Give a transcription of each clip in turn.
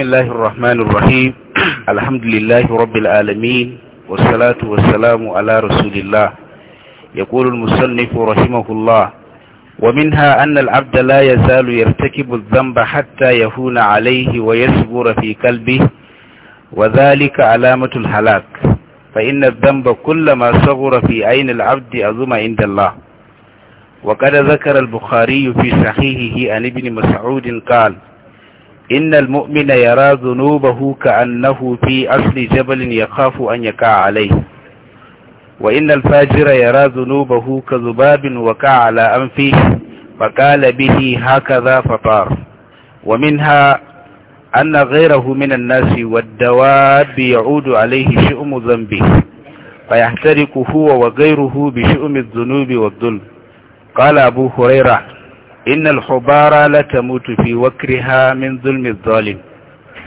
بسم الله الرحمن الرحيم الحمد لله رب العالمين والصلاة والسلام على رسول الله يقول المصنف رحمه الله ومنها أن العبد لا يزال يرتكب الذنب حتى يهون عليه ويصبر في قلبه وذلك علامة الهلاك فإن الذنب كلما صغر في عين العبد أظم عند الله وقد ذكر البخاري في صحيحه عن ابن مسعود قال إن المؤمن يرى ذنوبه كأنه في أصل جبل يخاف أن يقع عليه وإن الفاجر يرى ذنوبه كذباب وقع على أنفه فقال به هكذا فطار ومنها أن غيره من الناس والدواب يعود عليه شؤم ذنبه فيحترق هو وغيره بشؤم الذنوب والظلم قال أبو هريرة إن الحبار لا تموت في وكرها من ظلم الظالم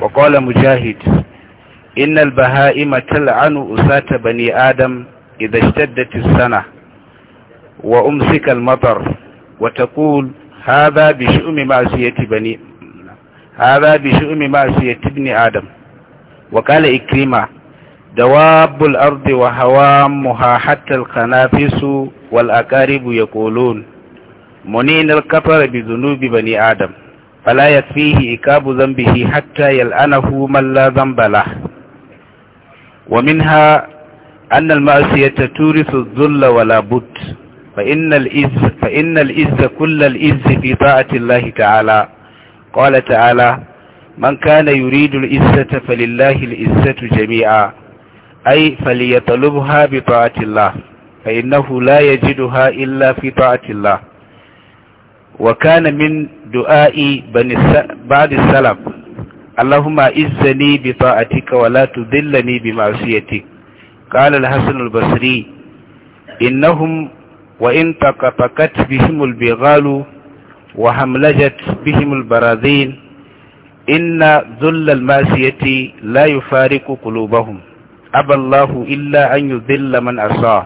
وقال مجاهد إن البهائم تلعن أساة بني آدم إذا اشتدت السنة وأمسك المطر وتقول هذا بشؤم معصية بني هذا بشؤم معصية ابن آدم وقال إكريما دواب الأرض وهوامها حتى القنافس والأقارب يقولون منين الكفر بذنوب بني آدم فلا يكفيه إكاب ذنبه حتى يلأنه من لا ذنب له ومنها أن المعصية تورث الذل ولا بد فإن الإز فإن الإز كل الإز في طاعة الله تعالى قال تعالى من كان يريد الإزة فلله الإزة جميعا أي فليطلبها بطاعة الله فإنه لا يجدها إلا في طاعة الله وكان من دعاء بعد السلام اللهم اعزني بطاعتك ولا تذلني بمعصيتك قال الحسن البصري إنهم وإن تقطقت بهم البغال وهملجت بهم البراذين إن ذل المعصية لا يفارق قلوبهم أبى الله إلا أن يذل من أصاه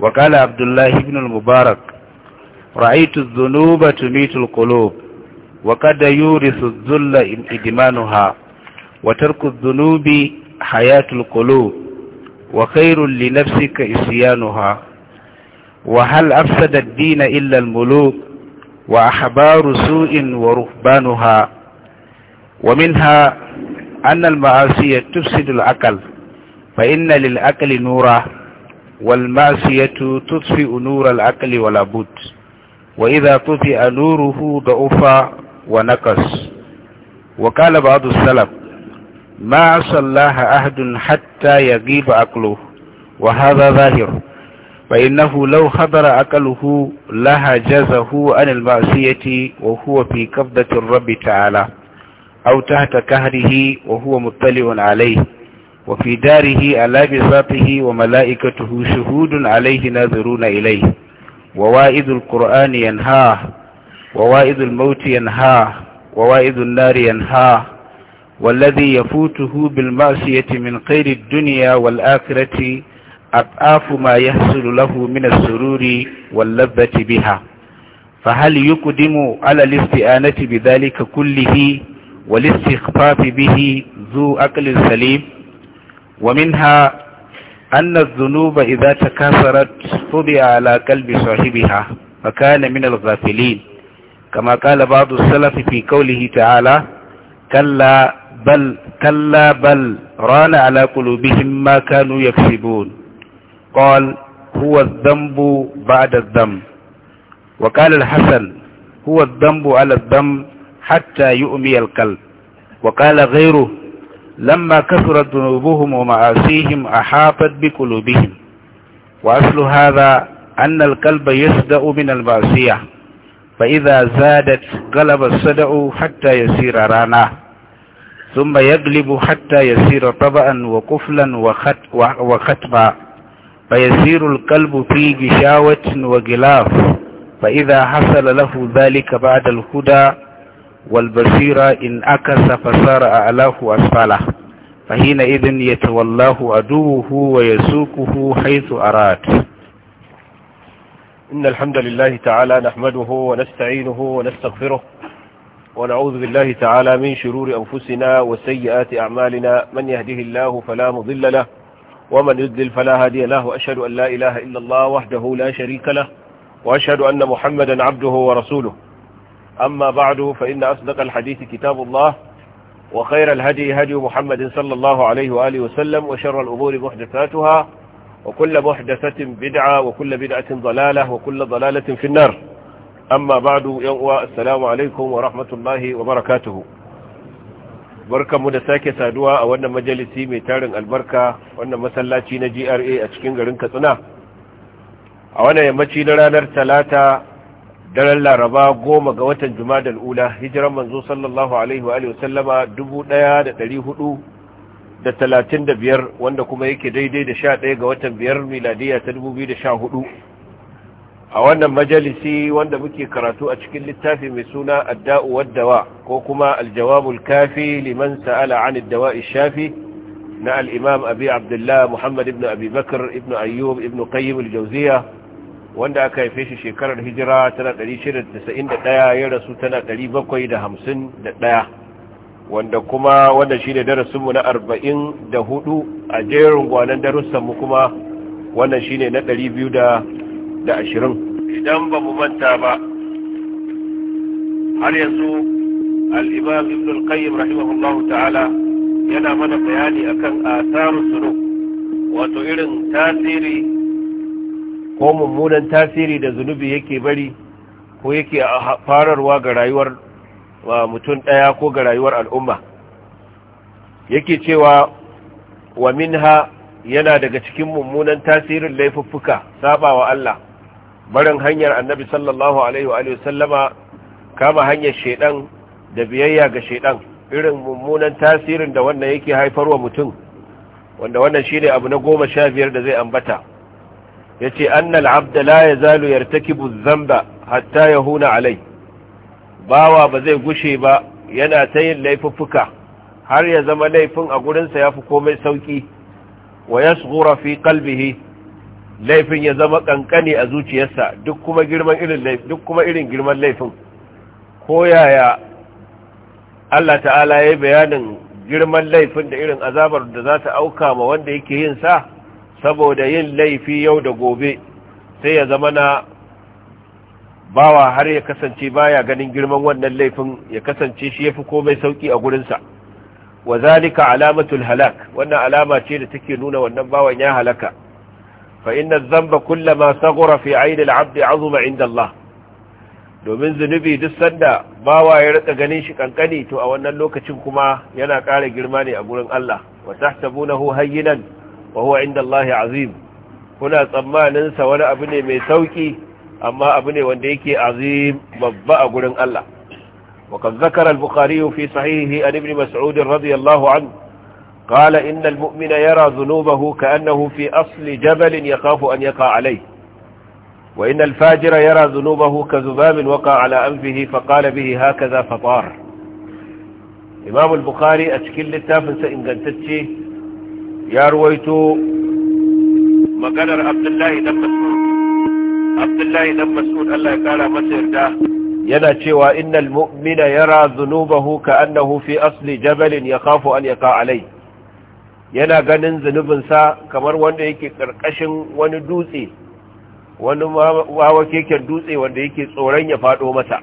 وقال عبد الله بن المبارك رأيت الذنوب تميت القلوب وقد يورث الذل إدمانها وترك الذنوب حياة القلوب وخير لنفسك إسيانها وهل أفسد الدين إلا الملوك وأحبار سوء ورهبانها ومنها أن المعاصية تفسد العقل فإن للعقل نورا والمعصية تطفئ نور العقل ولا بد وإذا طفي نوره ضعف ونقص وقال بعض السلف ما صلاها أحد حتى يغيب عقله وهذا ظاهر فإنه لو حضر عقله جزه عن المعصية وهو في قبضة الرب تعالى أو تحت كهره وهو مطلع عليه وفي داره على بساطه وملائكته شهود عليه ناظرون إليه ووائد القرآن ينهاه ووائد الموت ينهاه ووائد النار ينهاه والذي يفوته بالمعصية من خير الدنيا والآخرة أضعاف ما يحصل له من السرور واللذة بها فهل يقدم على الاستئانة بذلك كله والاستخفاف به ذو أقل سليم ومنها أن الذنوب إذا تكاثرت طبع على قلب صاحبها فكان من الغافلين كما قال بعض السلف في قوله تعالى كلا بل كلا بل ران على قلوبهم ما كانوا يكسبون قال هو الذنب بعد الذنب وقال الحسن هو الذنب على الذنب حتى يؤمي القلب وقال غيره لما كثرت ذنوبهم ومعاصيهم أحاطت بقلوبهم وأصل هذا أن القلب يصدأ من المعصية فإذا زادت قلب الصدأ حتى يسير رانا ثم يقلب حتى يسير طبعا وقفلا وختما فيسير القلب في غشاوة وغلاف فإذا حصل له ذلك بعد الهدى والبصيرة إن أكس فصار أعلاه أسفله فحينئذ يتولاه عدوه ويسوقه حيث أراد إن الحمد لله تعالى نحمده ونستعينه ونستغفره ونعوذ بالله تعالى من شرور أنفسنا وسيئات أعمالنا من يهده الله فلا مضل له ومن يضلل فلا هادي له وأشهد أن لا إله إلا الله وحده لا شريك له وأشهد أن محمدا عبده ورسوله أما بعد فإن أصدق الحديث كتاب الله وخير الهدي هدي محمد صلى الله عليه وآله وسلم وشر الأمور محدثاتها وكل محدثة بدعة وكل بدعة ضلالة وكل ضلالة في النار أما بعد يوء السلام عليكم ورحمة الله وبركاته بركة مدساكي سادوا أولا مجلسي ميتارن البركة وأن مسلاتي نجي أرئي أتشكين غرنك سنة أولا يمتشي لرانر ثلاثة daren laraba goma ga watan da ula hijiran manzo sallallahu alaihi wa sallama dubu ɗaya da ɗari da talatin da biyar wanda kuma yake daidai da sha ɗaya ga watan biyar miladiya ta dubu da sha hudu a wannan majalisi wanda muke karatu a cikin littafi mai suna adda'u waddawa ko kuma aljawabul kafi liman sa'ala an dawa'i shafi na al-imam abi abdullah muhammad ibn abi bakr ibn ayyub ibn qayyim al-jawziya wanda aka haife shi shekarar hijira tana 691 ya rasu tana 751 wanda kuma wanda shi ne darasinmu na 44 a jerin gwanon darussanmu kuma wannan shi ne na 220 idan ba mu manta ba har yanzu al'imam ibn al-qayyim rahimahullahu ta'ala yana mana bayani akan asarun sunu wato irin tasiri ko mummunan tasiri da zunubi yake bari ko yake fararwa ga rayuwar mutum ɗaya ko ga rayuwar al'umma yake cewa wa minha yana daga cikin mummunan tasirin laifuffuka saba wa Allah barin hanyar annabi sallallahu alaihi wa sallama kama hanyar shaidan da biyayya ga shaidan irin mummunan tasirin da wannan yake haifarwa mutum wanda wannan shi ne abu na goma sha biyar da zai ambata yace annal abda la yazalu yartakibu dhanba hatta yahuna alai bawa ba zai gushe ba yana ta yin laifuffuka har ya zama laifin a gurinsa ya fi komai sauki wa yasghura fi qalbihi laifin ya zama kankane a zuciyarsa duk kuma irin girman laifin ko yaya Allah ta'ala ya yi bayanin girman laifin da irin azabar da za ta auka ma wanda yake yin sa saboda yin laifi yau da gobe sai ya zama na bawa har ya kasance baya ganin girman wannan laifin ya kasance shi yafi komai sauki a gurinsa wa zalika alamatul halak wannan alama ce da take nuna wannan bawan ya halaka fa inna dhanba kullama saghara fi ayni abd 'azuma 'inda Allah domin zunubi duk sanda bawa ya rika ganin shi kankani to a wannan lokacin kuma yana ƙara girma ne a gurin Allah wa tahsabunahu hayyinan wa huwa inda Allah azim kuna tsammanin sa wani abu ne mai sauƙi amma abu ne wanda yake azim babba a gurin Allah wa kan zakara bukhari fi sahihi an ibn mas'ud radiyallahu an qala inna al-mu'mina yara ka ka'annahu fi asli jabal yakhafu an yaqa alayhi wa inna al-fajira yara dhunubahu ka zubab waqa'a ala anfihi fa qala bihi hakadha fatar imam al-bukhari a cikin littafinsa sa ingantacce ya ruwaito maganar abdullahi dan mas'ud abdullahi dan mas'ud Allah ya kara masa yarda yana cewa innal mu'mina yara dhunubahu ka'annahu fi asli jabalin yakhafu an yaqa alai yana ganin zunubin sa kamar wanda yake karkashin wani dutse wani wawa keken dutse wanda yake tsoron ya fado masa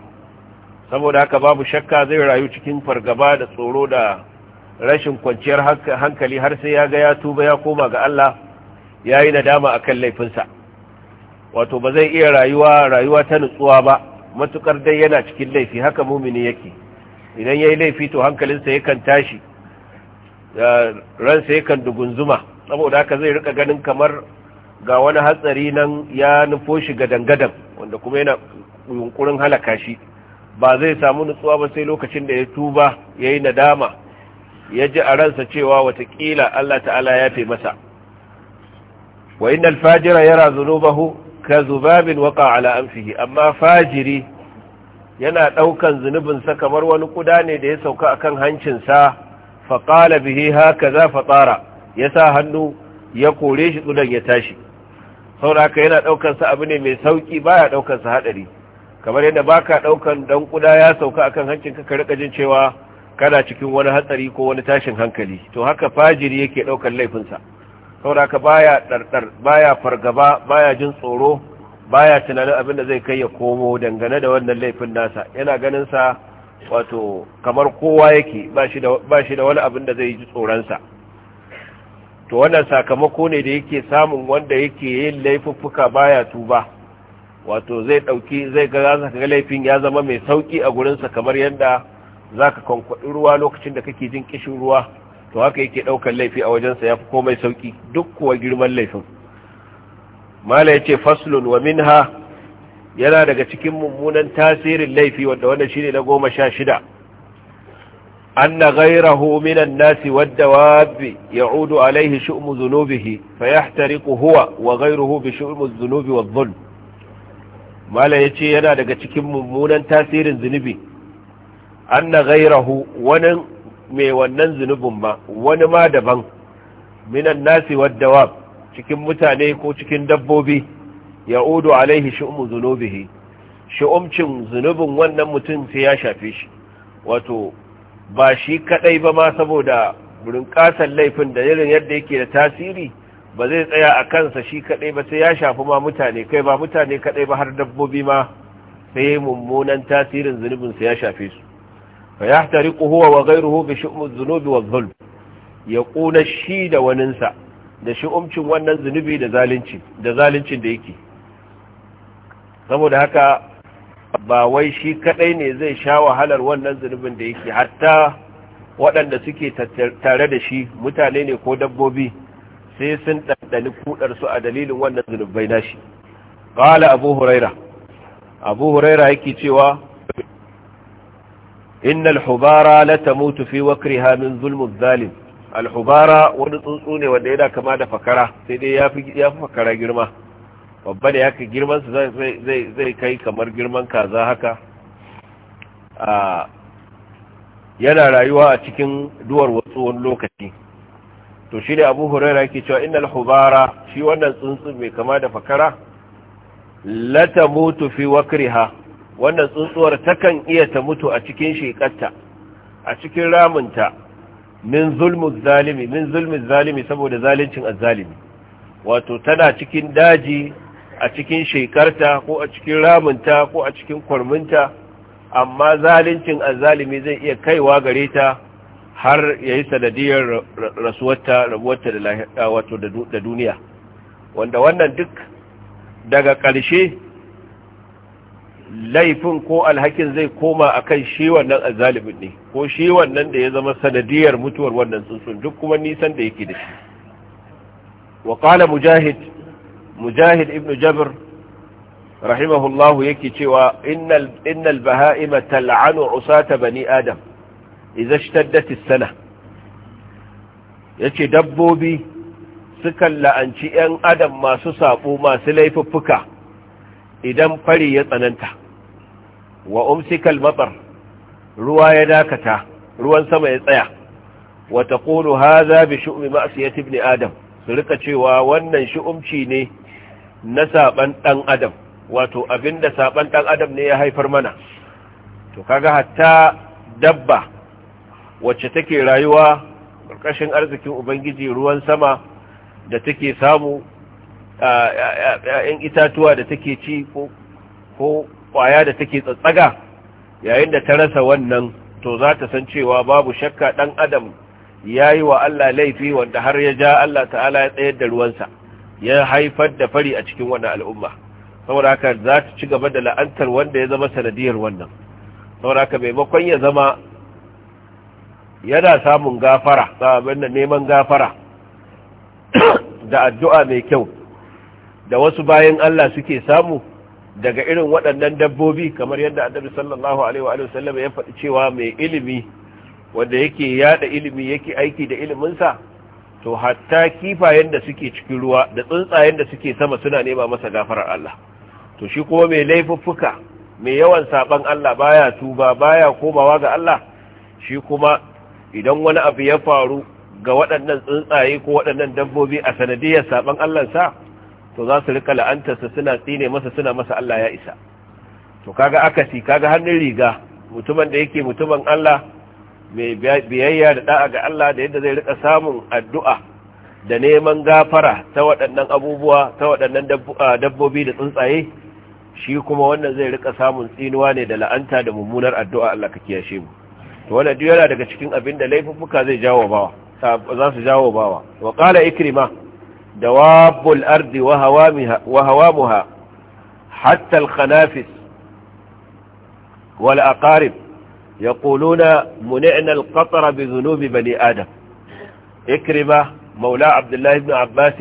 saboda haka babu shakka zai rayu cikin fargaba da tsoro da rashin kwanciyar hankali har sai ya ga ya tuba ya koma ga Allah ya yi nadama kan laifinsa wato ba zai iya rayuwa rayuwa ta nutsuwa ba matukar dai yana cikin laifi haka mumini yake idan ya yi laifi to hankalinsa yakan tashi ransa yakan dugunzuma saboda haka zai rika ganin kamar ga wani hatsari nan ya nufo shi gadan-gadan wanda kuma yana yunkurin halaka shi ba zai samu nutsuwa ba sai lokacin da ya tuba ya yi nadama ya ji a ransa cewa watakila Allah ta'ala ya fi masa wa innal fajira yara zunubahu ka zubabin waka ala anfihi amma fajiri yana ɗaukan zunubinsa kamar wani kuda ne da ya sauka akan hancinsa faƙala bihi haka za tsara. ya sa hannu ya kore shi tsudan ya tashi sauraka yana ɗaukansa abu ne mai sauƙi ba ya ɗaukansa haɗari kamar yadda ba ka ɗaukan ɗan kuda ya sauka akan hancinka ka riƙa jin cewa kana cikin wani hatsari ko wani tashin hankali to haka fajiri yake daukar laifinsa saboda haka baya dardar baya fargaba baya jin tsoro baya tunanin abin da zai kai ya komo dangane da wannan laifin nasa yana ganin sa wato kamar kowa yake ba shi da wani abin da zai ji tsoron sa, to wannan sakamako ne da yake samun wanda yake yin laifuffuka baya tuba wato zai dauki zai ga laifin ya zama mai sauki a gurinsa kamar yadda za ka kwankwaɗi ruwa lokacin da kake jin kishin ruwa to haka yake ɗaukar laifi a wajensa ya fi komai sauƙi duk kuwa girman laifin mala ya ce faslun wa minha yana daga cikin mummunan tasirin laifi wanda shi ne na goma sha shida anna ghayrahu minan nasi ya ya'udu alaihi shu'mu dhunubihi fayahtariqu huwa wa ghayruhu bi shu'mu zunubi wadh-dhulm mala yace yana daga cikin mummunan tasirin zunubi anna ghayrahu wani mai wannan zunubin ba wani ma daban minan nasi wadda cikin mutane ko cikin dabbobi ya udu alaihi shi'umu zunubihi shi'umcin zunubin wannan mutum sai ya shafe shi wato ba shi kadai ba ma saboda kasan laifin da irin yadda yake da tasiri ba zai tsaya a kansa shi kadai ba sai ya shafi ma mutane kai ba mutane kadai ba har dabbobi ma sai mummunan tasirin zunubinsa ya shafe su fa yahtariqu huwa wa ghayruhu bi shu'um adh-dhunub wa adh ya ƙuna shi da waninsa da wannan zunubi da zalunci da zaluncin da yake saboda haka ba wai shi kadai ne zai sha wahalar wannan zunubin da yake hatta waɗanda suke tare da shi mutane ne ko dabbobi sai sun ɗanɗani kuɗarsu a dalilin wannan zunubai nashi ƙala abu huraira abu huraira yake cewa innal hubara la tamutu fi wakriha min zulmi zalim al wani tsuntsu ne wanda yana kama da fakara sai dai ya fi fakara girma babba da yaka girman zai kai kamar girman kaza haka a yana rayuwa a cikin duwar lokaci to shi ne abu huraira ke cewa innal hubara shi wannan tsuntsun mai kama da fakara lata mutu fi wakriha wannan tsuntsuwar takan iya ta mutu a cikin shekarta a cikin ramunta min zulmin zalimi min zulmin zalimi saboda zalincin azzalimi wato tana cikin daji a cikin shekarta ko a cikin ramunta ko a cikin kwarminta amma zalincin azzalimi zai iya kaiwa gare ta har ya yi sanadiyar rasuwarta rabuwarta da wato da duniya wanda wannan duk daga ƙarshe laifin ko alhakin zai koma kan shi wannan azalibin ne ko shi wannan da ya zama sanadiyar mutuwar wannan tsuntsun duk kuma nisan da yake da shi wa mujahid mujahid ibnu jabr rahimahullah yake cewa innal innal baha'ima tal'anu usata bani adam idza ishtaddat as-sana yace dabbobi sukan la'anci 'yan adam masu sabo masu laifuffuka idan fari ya tsananta wa umsikal matar ruwa ya dakata ruwan sama ya tsaya wa ha, za bi masu ma'siyati ibn adam su rika cewa wannan shu'umci ne na saban dan adam wato abinda saban ɗan adam ne ya haifar mana to kaga hatta dabba wacce take rayuwa ƙarƙashin arzikin ubangiji ruwan sama da take samu ‘ya'yan itatuwa da take ci ko ƙwaya da take tsatsaga yayin da ta rasa wannan to za ta san cewa babu shakka ɗan adam ya yi wa Allah laifi wanda har ya ja Allah ta'ala ya tsayar da ruwansa ya haifar da fari a cikin wannan al'umma saboda haka za ta ci gaba da la'antar wanda ya zama sanadiyar wannan saboda haka maimakon ya zama yana samun gafara neman gafara da addu'a mai kyau da wasu bayan Allah suke samu daga irin waɗannan dabbobi kamar yadda annabi sallallahu alaihi wa sallam ya faɗi cewa mai ilimi wanda yake yada ilimi yake aiki da ilimin sa to hatta kifayen da suke cikin ruwa da tsuntsayen da suke sama suna nema masa gafarar Allah to shi kuma mai laifuffuka mai yawan saban Allah baya tuba baya komawa ga Allah shi kuma idan wani abu ya faru ga waɗannan tsuntsaye ko waɗannan dabbobi a sanadiyar saban Allah sa to za su rika la'antarsa suna tsine masa suna masa Allah ya isa to kaga akasi kaga hannun riga mutumin da yake mutumin Allah mai biyayya da da'a ga Allah da yadda zai rika samun addu'a da neman gafara ta waɗannan abubuwa ta waɗannan dabbobi da tsuntsaye shi kuma wannan zai rika samun tsinuwa ne da la'anta da mummunar addu'a Allah ka kiyashe mu to wannan duk yana daga cikin abin da laifuffuka zai jawo bawa za su jawo bawa wa qala ikrima دواب الأرض وهوامها, وهوامها حتى الخنافس والأقارب يقولون منعنا القطر بذنوب بني آدم إكرمة مولى عبد الله بن عباس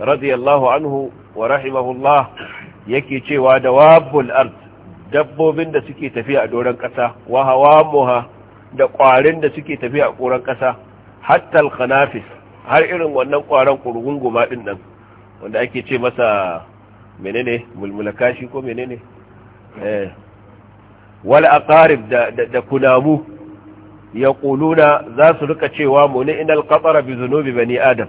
رضي الله عنه ورحمه الله يكي cewa ودواب الأرض ard dabbobin da suke tafiya وهوامها doron ƙasa wa hawamuha da ƙwarin da har irin wannan ƙwaron goma ɗin nan wanda ake ce masa menene mulmulakashi ko menene eh wal aqarib da da kunamu yaquluna za su rika cewa muni inal qatara bi zunubi bani adam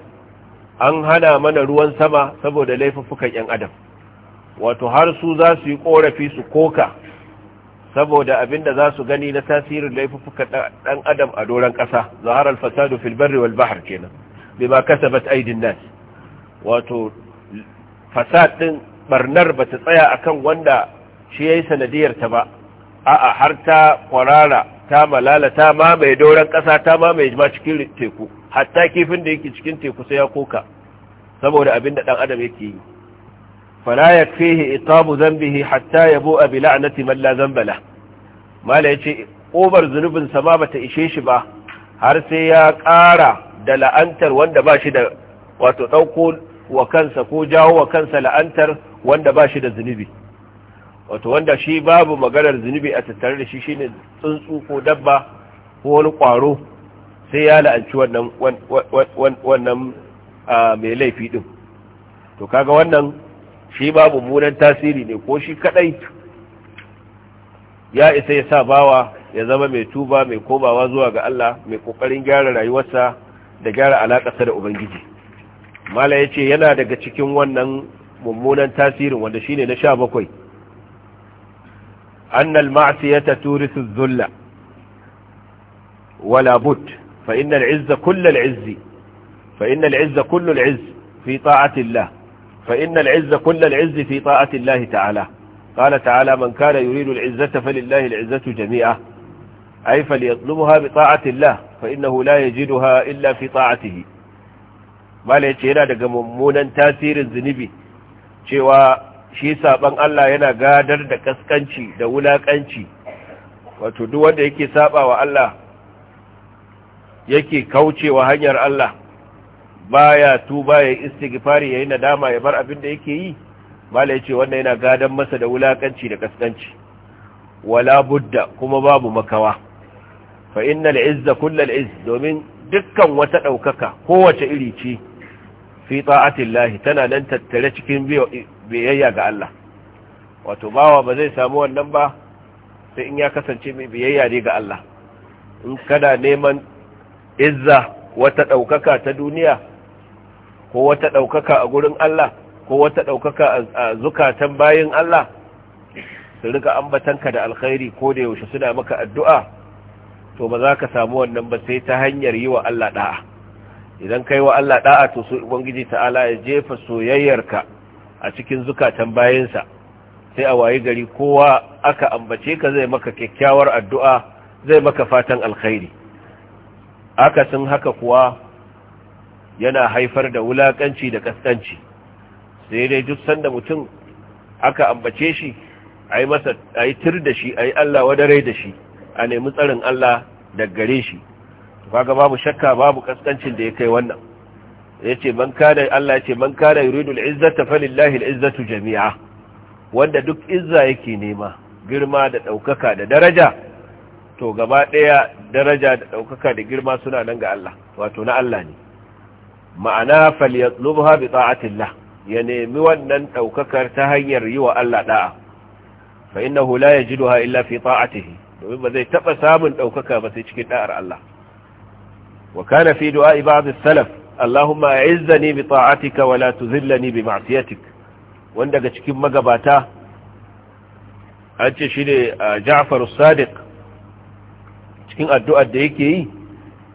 an hana mana ruwan sama saboda laifuffukan yan adam wato har su za su yi korafi su koka saboda abinda za su gani na tasirin laifuffukan dan adam a doran kasa zaharal fasadu fil barri wal bahr kenan bima kasabat aidin nas wato fasad din barnar bata tsaya akan wanda shi yayi sanadiyar ta ba a'a har ta kwarara ta malala ta mamaye doron kasa ta mamaye jima cikin teku hatta kifin da yake cikin teku sai ya koka saboda abin da dan adam yake yi fala yakfihi itabu dhanbihi hatta yabu bi la'nati man la Zambala. mala yace obar zunubin sa ma bata ishe shi ba har sai ya kara. da la'antar wanda ba shi da wato ɗauko wa kansa ko jawo wa kansa la'antar wanda ba shi da zunubi wato wanda shi babu maganar zunubi a tattare da shi shi ne tsuntsu ko dabba ko wani ƙwaro sai ya la'anci wannan mai laifi ɗin to kaga wannan shi babu munan tasiri ne ko shi kaɗai ya isa ya sa bawa ya zama mai tuba mai komawa zuwa ga Allah mai ƙoƙarin gyara rayuwarsa da gyara alaƙarsa da ubangiji mala ya ce yana daga cikin wannan mummunan tasirin wanda shine na sha bakwai annal ma'asiyata turisu zulla wala but fa innal izza kullal izzi fa innal izza kullal izz fi ta'atillah fa innal izza kullal izz fi ta'atillah ta'ala qala ta'ala man kada yuridu al izzata falillahi al jami'a أي فليطلبها بطاعة الله فإنه لا يجدها إلا في طاعته ما لا هنا دقى ممونا تاثير الزنبي cewa shi saban Allah yana gadar da kaskanci da wulakanci wato duk wanda yake saba wa Allah yake kaucewa hanyar Allah baya tuba ya istighfari yayin nadama ya bar abin da yake yi mala yace wannan yana gadan masa da wulakanci da kaskanci wala budda kuma babu makawa fa innal izza kullal izz domin dukkan wata daukaka kowace iri ce fi ta'atillahi tana nan tattare cikin biyayya ga Allah wato bawa ba zai samu wannan ba sai in ya kasance mai biyayya ne ga Allah in kana neman izza wata daukaka ta duniya ko wata daukaka a gurin Allah ko wata daukaka a zukatan bayin Allah su rika ambatanka da alkhairi ko da yaushe suna maka addu'a to ba za ka samu wannan ba sai ta hanyar yi wa Allah da'a idan kai wa Allah da'a to su ubangiji ta'ala ya jefa soyayyarka a cikin zukatan bayansa sai a wayi gari kowa aka ambace ka zai maka kyakkyawar addu'a zai maka fatan alkhairi akasin haka kuwa yana haifar da wulakanci da kaskanci sai dai duk sanda mutum aka ambace shi a yi tir da shi a yi Allah wadare da shi a nemi tsarin Allah da gare shi kaga babu shakka babu kaskancin da ya kai wannan yace ban kada Allah yace ban kada yuridu al-izzata falillahi al-izzatu jami'a wanda duk izza yake nema girma da daukaka da daraja to gaba daya daraja da daukaka da girma suna nan ga Allah wato na Allah ne ma'ana falyatlubha bi ta'atillah ya nemi wannan daukakar ta hanyar yi wa Allah da'a fa ya ji yajiduha illa fi ta'atihi domin ba zai taɓa samun ɗaukaka ba sai cikin ɗa'ar Allah wa kana fi du'a'i ba'd salaf Allahumma a'izzani bi ta'atika wa tuzillani bi wanda daga cikin magabata an ce shine a as-Sadiq cikin addu'ar da yake yi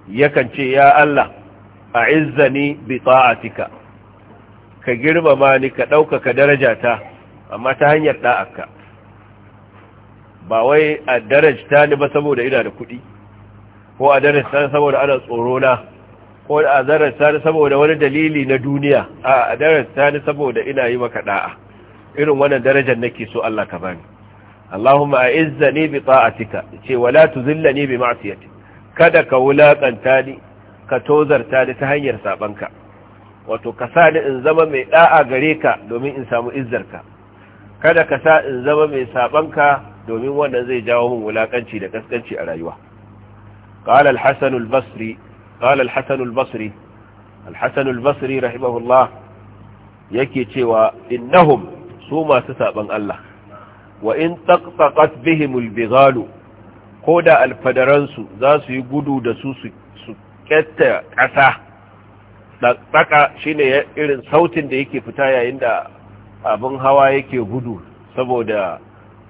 yakan ce ya Allah a'izzani bi ta'atika ka girmama ni ka ɗaukaka darajata amma ta hanyar ɗa'arka ba wai a darajta ni ba saboda ina da kuɗi ko a darajta ni saboda ana tsorona ko a darajta ni saboda wani dalili na duniya a darajta ni saboda ina yi maka da'a irin wannan darajar nake so Allah ka bani Allahumma a'izzani bi ta'atika ce wala tuzillani bi ma'siyati kada ka wulakanta ni ka tozarta ni ta hanyar sabanka wato ka sa ni in zama mai da'a gare ka domin in samu izzarka kada ka sa in zama mai sabanka domin wannan zai jawo mun wulakanci da kaskanci a rayuwa قال الحسن البصري قال الحسن البصري الحسن البصري رحمه الله yake cewa innahum su masu saban Allah wa in taqtaqat bihimul Ko koda alfadaransu za su yi gudu da su su ketta kasa tsaka shine irin sautin da yake fita yayin da abin hawa yake gudu saboda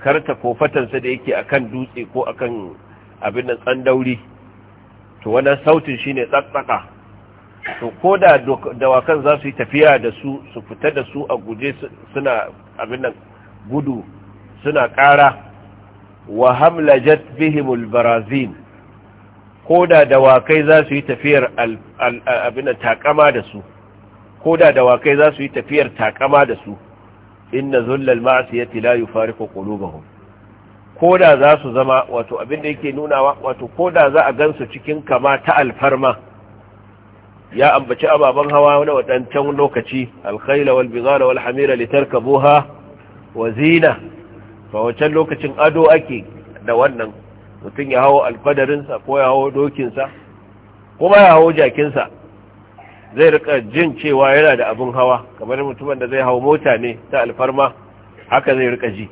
karta ko fatansa da yake akan dutse ko akan abin nan tsandauri to wannan sautin shine tsatsaka to ko da dawakan za su yi tafiya da su su fita da su a guje suna abin nan gudu suna ƙara wa hamlajat bihimul barazin ko dawakai za su tafiyar abin takama da su ko da dawakai za su yi tafiyar takama da su inna zullal ma'siyati la yufariqu qulubahum koda za su zama wato abin da yake nunawa wato koda za a gansu cikin kama ta alfarma ya ambaci ababen hawa na wadancan lokaci alkhaila wal bizara wal hamira litarkabuha wa zina fa wancan lokacin ado ake da wannan mutum ya hawo alfadarinsa ko ya hawo dokinsa kuma ya hawo jakinsa zai rika jin cewa yana da abin hawa kamar mutumin da zai hau mota ne ta alfarma haka zai rika ji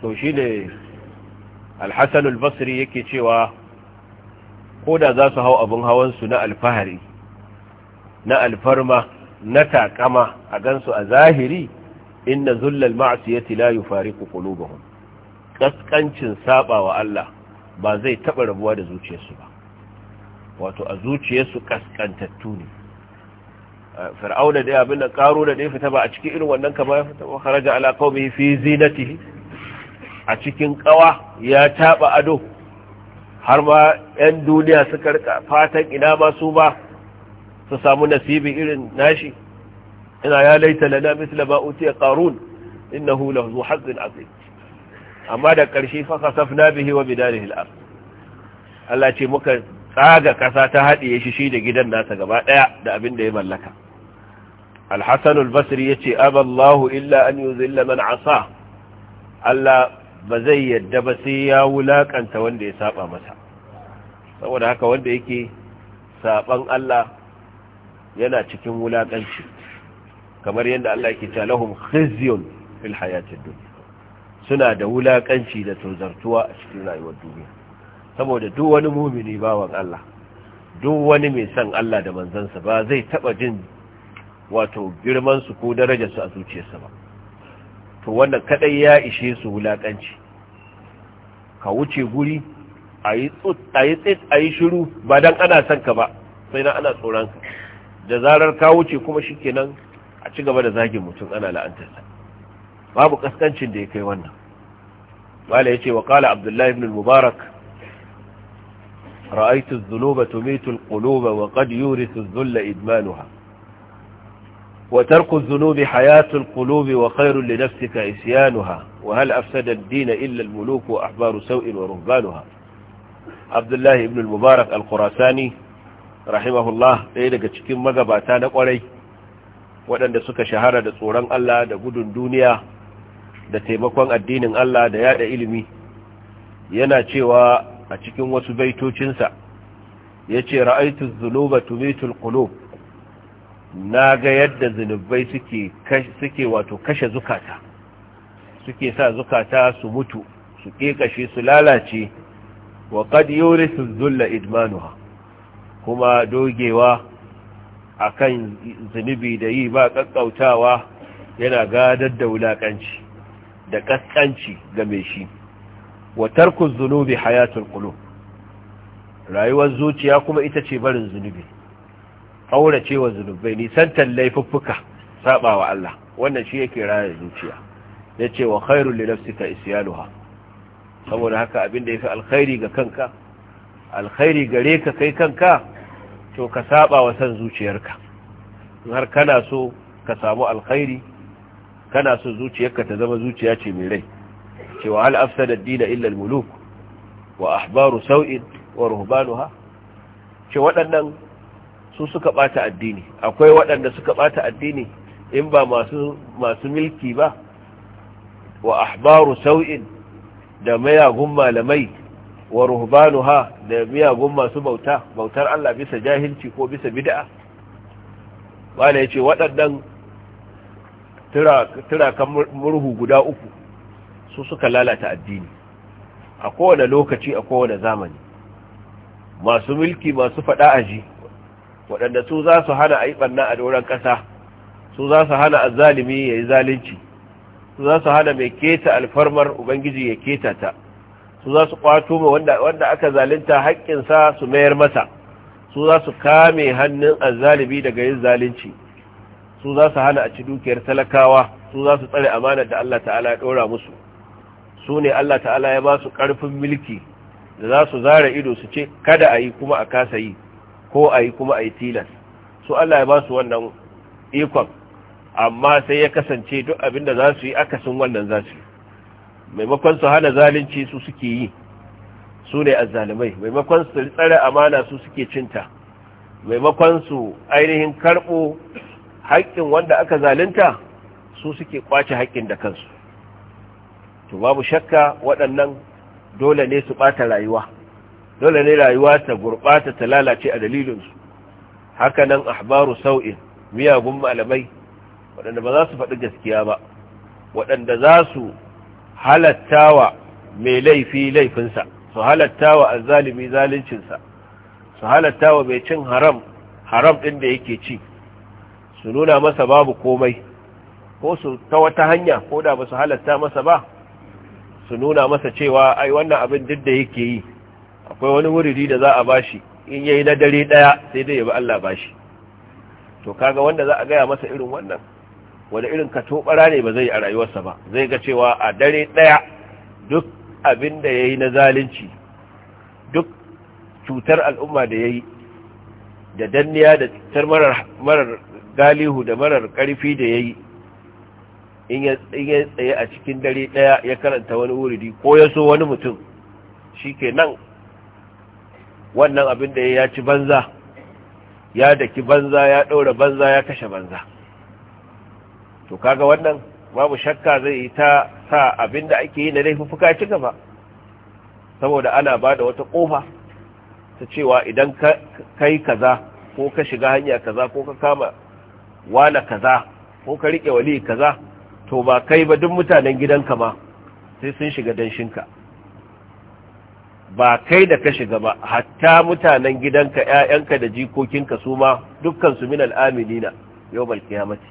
to shi ne alhassanul basri yake cewa ko da za su hau abin hawansu na alfahari na alfarma na takama a gansu a zahiri inna zullal ma'asiyati la yufariqu qulubuhum kaskancin saba wa Allah ba zai taɓa rabuwa da zuciyarsu ba wato a zuciyarsu kaskantattu ne fir'auna da abin da karo da ya fita ba a cikin irin wannan kamar fita ba. kharaja ala qaumihi fi zinatihi a cikin kawa ya taba ado har ma yan duniya suka rika fatan ina ma su ba su samu nasibi irin nashi ina ya laita lana misla ma utiya qarun innahu lahu hazzin azim amma da karshe fa na bihi wa bidarihi al Allah ce muka tsaga ƙasa ta haɗiye shi shi da gidan nasa gaba ɗaya da abin da ya mallaka alhassan basri ya ce aballahu illa an yi zilla man asa allah ba zai yadda ba sai ya wulaƙanta wanda ya saba masa saboda haka wanda yake saɓan allah yana cikin wulaƙanci kamar yadda allah ke talahum lahum khizyun fil duniya suna da wulaƙanci da tozartuwa a cikin rayuwar duniya saboda duk wani mumini bawan Allah duk wani mai son Allah da manzansa ba zai taba jin wato girman su ko darajar su a zuciyarsa ba to wannan kadai ya ishe su wulakanci ka wuce guri ayi tsut ayi tsit ayi shiru ba dan ana son ka ba sai dan ana tsoron ka da zarar ka wuce kuma shikenan a ci gaba da zagin mutum ana la'antarsa babu kaskancin da ya kai wannan wala yace wa qala abdullahi ibn mubarak رأيت الذنوب تميت القلوب وقد يورث الذل إدمانها وترك الذنوب حياة القلوب وخير لنفسك إسيانها وهل أفسد الدين إلا الملوك وأحبار سوء ورهبانها عبد الله بن المبارك القراساني رحمه الله ليلك تشكيم مقباتان قولي waɗanda suka shahara da tsoron Allah da gudun duniya da taimakon addinin Allah da yada ilimi yana cewa a cikin wasu baitocinsa ya ce ra'aitu zunuba tumitul qulub na ga yadda zunubai suke wato kashe zukata suke sa zukata su mutu su kekashe su lalace wa qad yurisu zulla idmanuha kuma dogewa akan zunubi da yi ba kakkautawa yana gadar da wulaƙanci da ƙasƙanci ga mai shi wa tarku zunubi hayatul qulub rayuwar zuciya kuma ita ce barin zunubi aure ce wa zunubai nisantar laifuffuka sabawa Allah wannan shi yake raya zuciya yace wa khairul li nafsika isyaluha saboda haka abinda fi alkhairi ga kanka alkhairi gare ka kai kanka to ka saba wa san zuciyarka in har kana so ka samu alkhairi kana so zuciyarka ta zama zuciya ce mai rai cewa hal afsada ad-din muluk wa ahbaru sau'in wa ruhbanuha ce waɗannan su suka bata addini akwai waɗanda suka bata addini in ba masu milki ba wa ahbaru sau'in da mayagun malamai wa da miyagun masu bauta bautar Allah bisa jahilci ko bisa bid'a wala ce waɗannan tira kan murhu guda uku su suka lalata addini a kowane lokaci a kowane zamani masu mulki masu faɗa aji waɗanda su za su hana a yi a doron ƙasa su za su hana a zalimi ya yi zalunci su za su hana mai keta alfarmar ubangiji ya keta ta su za su kwato ma wanda aka zalunta haƙƙinsa su mayar masa su za su kame hannun azzalimi daga yin zalunci su za su hana a ci dukiyar talakawa su za su tsare amanar da Allah ta'ala ya ɗora musu su ne Allah ta'ala ya ba su ƙarfin milki da za su zara ido su ce kada a yi kuma a kasa yi ko a yi kuma a yi tilas su Allah ya ba su wannan ikon amma sai ya kasance duk abin da za su yi akasin wannan za su yi maimakon su hana zalunci su suke yi su ne azzalimai maimakon su tsare amana su suke cinta maimakon su ainihin karɓo haƙƙin wanda aka zalunta su suke kwace haƙƙin da kansu to babu shakka waɗannan dole ne su ɓata rayuwa dole ne rayuwa ta gurɓata ta lalace a dalilinsu haka nan ahbaru sau'in miyagun malamai waɗanda ba za su faɗi gaskiya ba waɗanda za su halattawa mai laifi laifinsa su halattawa azalimi zalincinsa su wa mai cin haram haram ɗin da yake ci su nuna masa babu komai ko su ta wata hanya ko da ba su halatta masa ba su nuna masa cewa ai wannan abin duk da yake yi akwai wani wuridi da za a bashi in yayi na dare daya sai dai ya bi Allah bashi to kaga wanda za a gaya masa irin wannan wanda irin tobara ne ba zai a rayuwarsa ba zai ga cewa a dare daya duk abin da yayi na zalunci duk cutar al'umma da yayi da danniya da cutar marar marar galihu da marar karfi da yayi in ya tsaye a cikin dare ɗaya ya karanta wani wuridi ko ya so wani mutum shi ke nan wannan abin da ya ci banza ya daki banza ya ɗaura banza ya kashe banza to kaga wannan babu shakka zai yi ta sa abin da ake yi na laifuka ci gaba saboda ana ba da wata ƙofa ta cewa idan kai kaza ko ka shiga hanya kaza ko ka kama wala kaza ko ka riƙe wali kaza to ba kai ba duk mutanen gidanka ma sai sun shiga danshinka ba kai da ka shiga ba hatta mutanen gidanka ‘ya'yanka da jikokinka su ma dukkansu min al'aminina yau kiyamati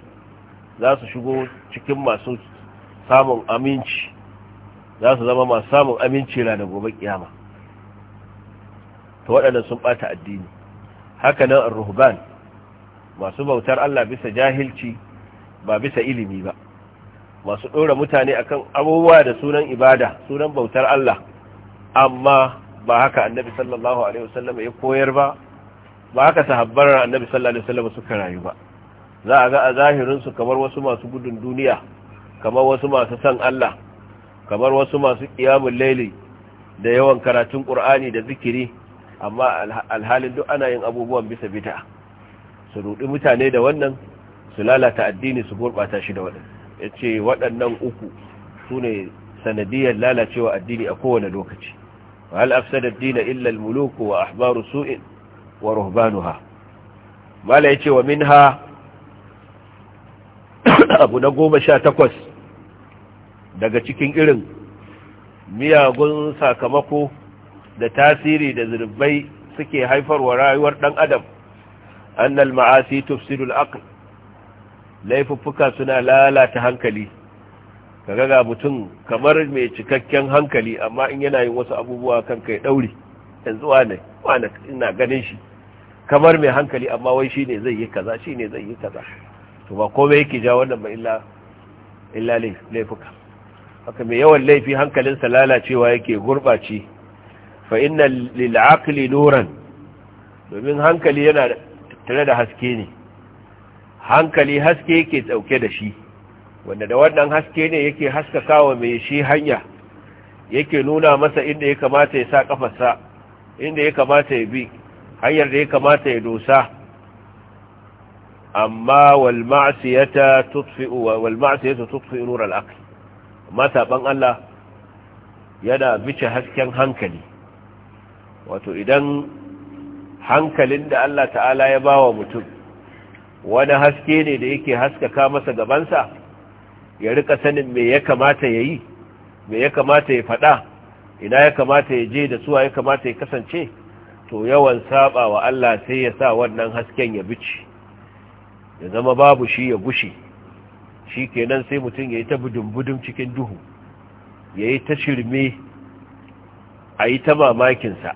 za su shigo cikin masu samun aminci za su zama masu samun aminci rana gobe kiyama ta waɗannan sun ɓata addini haka nan ruhban masu bautar Allah bisa jahilci ba bisa ilimi ba masu ɗora mutane akan abubuwa da sunan ibada sunan bautar Allah amma ba haka annabi sallallahu alaihi wasallam ya koyar ba ba haka sahabbar annabi sallallahu alaihi wasallam suka rayu ba za a ga a zahirin su kamar wasu masu gudun duniya kamar wasu masu san Allah kamar wasu masu qiyamul layli da yawan karatun qur'ani da zikiri amma alhalin duk ana yin abubuwan bisa bid'a su rudi mutane da wannan su lalata addini su gurbata shi da wannan ya ce waɗannan uku su ne sanadiyar lalacewa addini a kowane lokaci hal afsada dina illa wa ahbaru su'in wa ruhbanuha mala yace wa minha abu na goma sha takwas daga cikin irin miyagun sakamako da tasiri da zurbai suke haifarwa rayuwar ɗan adam annal ma'asi tufsidul aql laifuffuka suna lalata hankali ka ga mutum kamar mai cikakken hankali amma in yana yin wasu abubuwa kan kai ɗauri yanzu wane wane ina ganin shi kamar mai hankali amma wai shine zai yi kaza shine zai yi kaza to ba komai yake ja wannan ba illa illa laifuka haka mai yawan laifi hankalinsa lalacewa yake gurbaci fa inna lil'aqli nuran domin hankali yana tare da haske ne hankali haske yake dauke da shi wanda da wannan haske ne yake haskakawa mai shi hanya yake nuna masa inda ya kamata ya sa kafarsa inda ya kamata ya bi hanyar da ya kamata ya dosa amma wal ma'siyata tudfi'u wal ma'siyata tudfi'u nur al aql amma saban Allah yana bice hasken hankali wato idan hankalin da Allah ta'ala ya bawa mutum wani haske ne da yake haskaka masa gabansa ya rika sanin me ya kamata ya yi me ya kamata ya faɗa ina ya kamata ya je da suwa ya kamata ya kasance to yawan saba wa Allah sai ya sa wannan hasken ya bici ya zama babu shi ya gushi shi kenan sai mutum ya yi ta budum-budum cikin duhu ya yi ta shirme a yi ta mamakinsa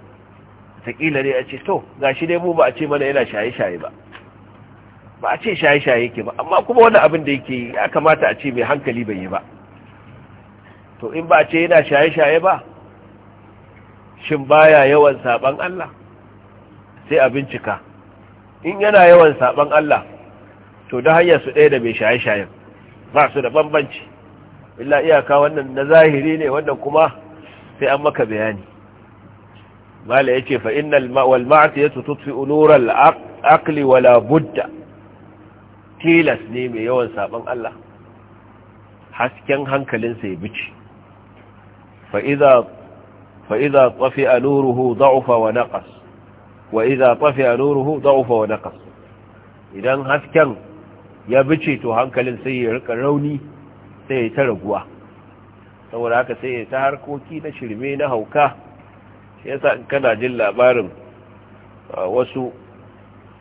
ta ne a ce to ga shi dai mu ba a ce mana yana shaye-shaye ba ba a ce shaye-shaye yake ba amma kuma wani abin da yake ya kamata a ce mai hankali bai yi ba to in ba a ce yana shaye-shaye ba shin baya yawan saban Allah sai a bincika in yana yawan saban Allah to da hanyar su ɗaya da mai shaye-shayen ba su da bambanci illa iyaka wannan na zahiri ne wannan kuma sai an maka bayani mala yace fa innal ma'wal ma'siyatu tudfi'u unural aqli wala budda tilas ne mai yawan saban Allah hasken hankalinsa ya bici fa'iza tsafi a nuruhu za'ufa wa naƙas wa a nuruhu wa naƙas idan hasken ya bice to hankalin sai ya rika rauni sai ya ta raguwa saboda haka sai ya ta harkoki na shirme na hauka shi yasa kana jin labarin uh, wasu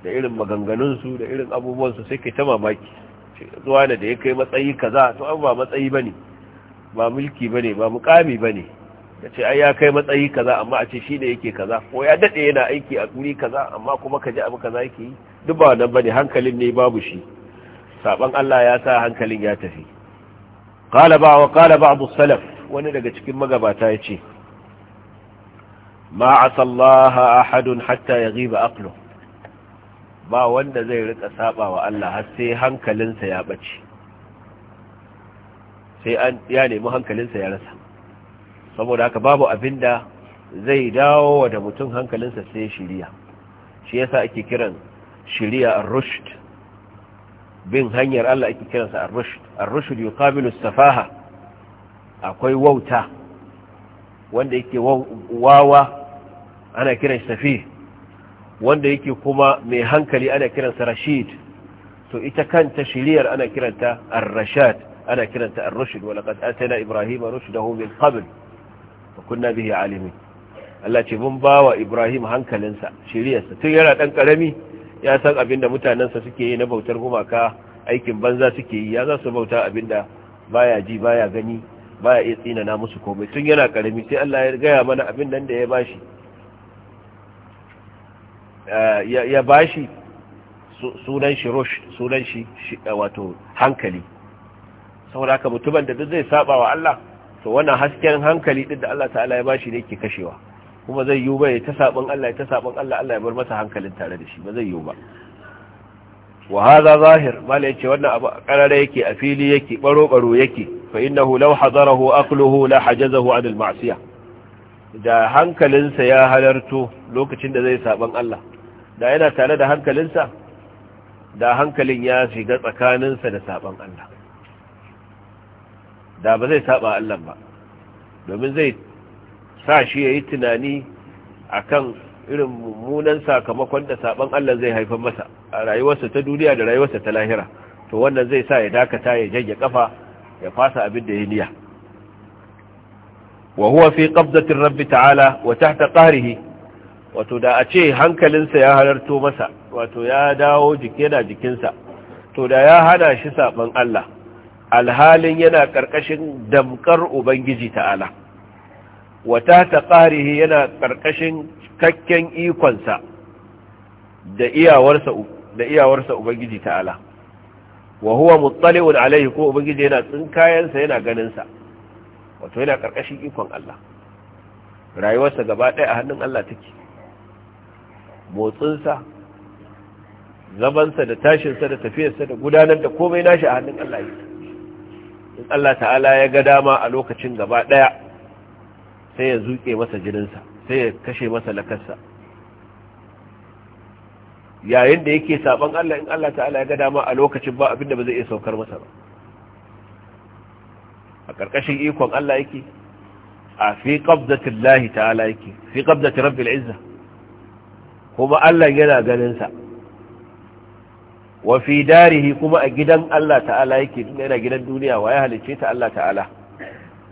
da irin maganganunsu da irin abubuwansu sai ke ta mamaki zuwa da ya kai matsayi kaza to an ba matsayi ba ba mulki ba ba mukami ba ne da ce ai ya kai matsayi kaza amma a ce shi ne yake kaza ko ya daɗe yana aiki a guri kaza amma kuma ka ji abu kaza yake yi duk ba wannan ba ne hankalin ne babu shi saban Allah ya sa hankalin ya tafi qala ba wa qala salaf wani daga cikin magabata ya ce ma asallaha ahadun hatta yaghiba aqlu ba wanda zai rika saba wa Allah har sai hankalinsa ya bace sai an ya nemi hankalinsa ya rasa saboda haka babu abinda zai dawo wa da mutum hankalinsa sai shiriya shi yasa ake kiran shiriya ar-rushd bin hanyar Allah ake kiransa ar-rushd ar-rushd yuqabilu as-safaha akwai wauta wanda yake wawa ana kiran safih wanda yake kuma mai hankali ana kiransa rashid to ita kanta shiriyar ana kiranta ar-rashad ana kiranta ar-rushd wa laqad atayna ibrahima rushdahu min qabl wa kunna bihi alimin Allah ce mun bawa Ibrahim hankalinsa shiriyarsa tun yana dan karami ya san abinda mutanansa suke yi na bautar gumaka aikin banza suke yi ya za su bauta abinda baya ji baya gani baya iya tsinana musu komai tun yana karami sai Allah ya gaya mana abin nan da ya bashi ya bashi sunan shi rush sunan shi eh, wato hankali saboda haka mutumin da duk zai saba wa Allah to wannan hasken hankali din da Allah ta'ala ya bashi ne ke kashewa kuma zai yiwu ba ya ta sabon Allah ya ta sabon Allah Allah ya bar masa hankalin tare da shi ba zai yiwu ba wa hadha zahir mala yace wannan abu karar yake a fili yake baro baro yake fa innahu law hadarahu aqluhu la hajazahu an al ma'siyah da hankalinsa ya halarto lokacin da zai sabon Allah da yana tare da hankalinsa da hankalin ya shiga tsakaninsa da saban Allah da ba zai saba Allah ba domin zai sa shi ya yi tunani a kan irin mummunan sakamakon da saban Allah zai haifar masa a rayuwarsa ta duniya da rayuwarsa ta lahira to wannan zai sa ya dakata ya janye kafa ya fasa abin da ya niyya wa huwa fi qabdati rabbi ta'ala wa tahta qahrihi wato da a ce hankalinsa ya halarto masa wato ya dawo jike na jikinsa to da ya hana shi saɓon Allah alhalin yana ƙarƙashin damkar Ubangiji ta'ala wata ta ƙarihi yana ƙarƙashin cikakken ikonsa da iyawarsa Ubangiji ta'ala wa huwa muttali'un alaihi ko Ubangiji yana tsinkayensa yana ganinsa wato yana ƙarƙashin ikon Allah rayuwarsa gaba ɗaya a hannun Allah take motsinsa zamansa da tashinsa da tafiyarsa da gudanar da komai nashi a hannun Allah yake in Allah ta'ala ya ga dama a lokacin gaba daya sai ya zuke masa jininsa sai ya kashe masa lakarsa yayin da yake saban Allah in Allah ta'ala ya ga dama a lokacin ba abinda ba zai iya saukar masa ba a ƙarƙashin ikon Allah yake a fi qabdatillahi ta'ala yake fi qabdati rabbil izzah kuma Allah yana ganinsa Wafi darihi kuma a gidan Allah ta'ala yake yana gidan duniya wa ya halicce ta Allah ta'ala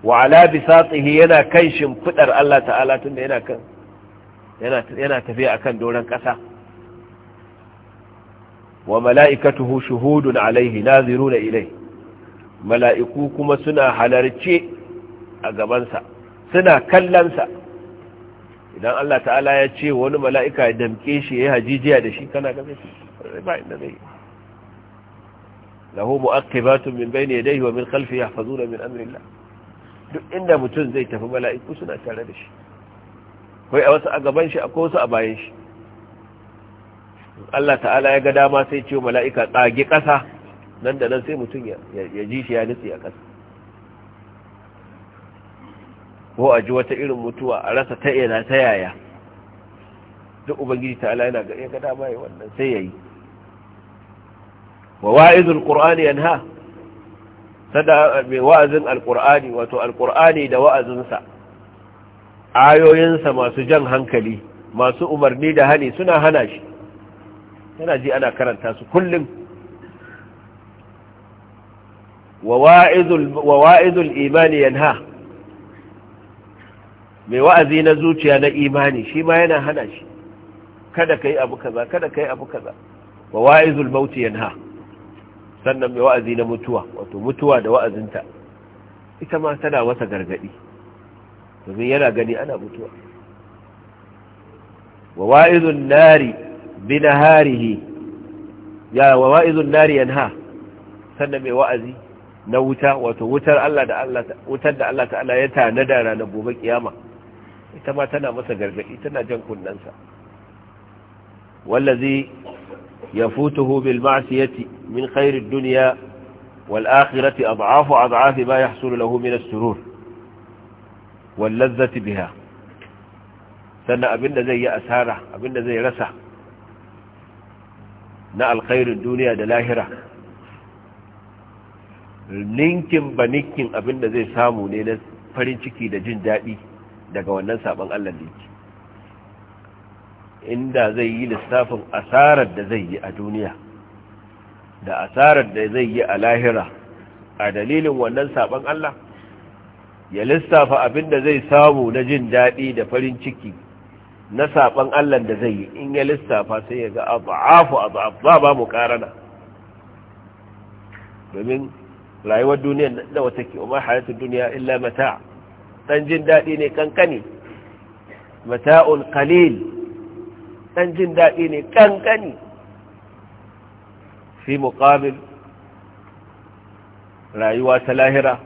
wa ala bisatihi yana kan shimfidar Allah ta'ala tunda yana kan yana yana tafiya akan doran kasa wa mala'ikatuhu shuhudun alaihi naziruna ilai mala'iku kuma suna halarce a gabansa suna kallonsa. idan Allah ta'ala ya ce wani mala'ika ya damke shi ya hajijiya da shi kana gaza shi ba inda zai lahu mu'aqibatun min bayni yadayhi wa min khalfi yahfazuna min amrillah duk inda mutum zai tafi mala'iku suna tare da shi kai a wasu a gaban shi akwai wasu a bayan shi Allah ta'ala ya ga dama sai ce mala'ika tsage ƙasa nan da nan sai mutum ya ji shi ya nutse a ƙasa ko a ji wata irin mutuwa a rasa ta ina ta yaya duk ubangiji ta ala yana gare ga dama yi wannan sai ya yi. wa wa'izul qur'ani yanha sada mai wa'azin alqur'ani wato alqur'ani da wa'azinsa ayoyinsa masu jan hankali masu umarni da hani suna hana shi yana ji ana karanta su kullum wa wa'izul wa wa'izul imani yanha mai wa'azi na zuciya na imani shi ma yana hana shi kada ka yi abu kaza kada ka yi abu kaza wa wa'izul zulmauti yana sannan mai wa'azi na mutuwa wato mutuwa da wa'azinta ita ma tana masa gargadi domin yana gani ana mutuwa wa wa'izun nari Harihi ya wa wa'izun nari yana sannan mai wa'azi na wuta wato wutar Allah da Allah wutar da Allah ta'ala ya da ranar gobe kiyama ita ma tana masa gargadi tana jan kunnansa wallazi yafutuhu bil ma'siyati min khairid dunya wal akhirati ad'afu ad'afi ma yahsulu lahu min as-surur wal ladzati biha sannan abinda zai yi asara abinda zai rasa na alkhairin duniya da lahira ninkin ba ninkin abinda zai samu ne na farin ciki da jin daɗi daga wannan sabon Allah da yake inda zai yi lissafin asarar da zai yi a duniya da asarar da zai yi a lahira a dalilin wannan sabon Allah ya lissafa abin da zai samu na jin daɗi da farin ciki na sabon Allah da zai yi in ya lissafa sai ya ga abu abu ba mu karana domin rayuwar duniya na wata ke umar hayatun duniya illa mataa dan jin daɗi ne kankani mata'ul qalil dan jin daɗi ne kankani fi muqabil rayuwa ta lahira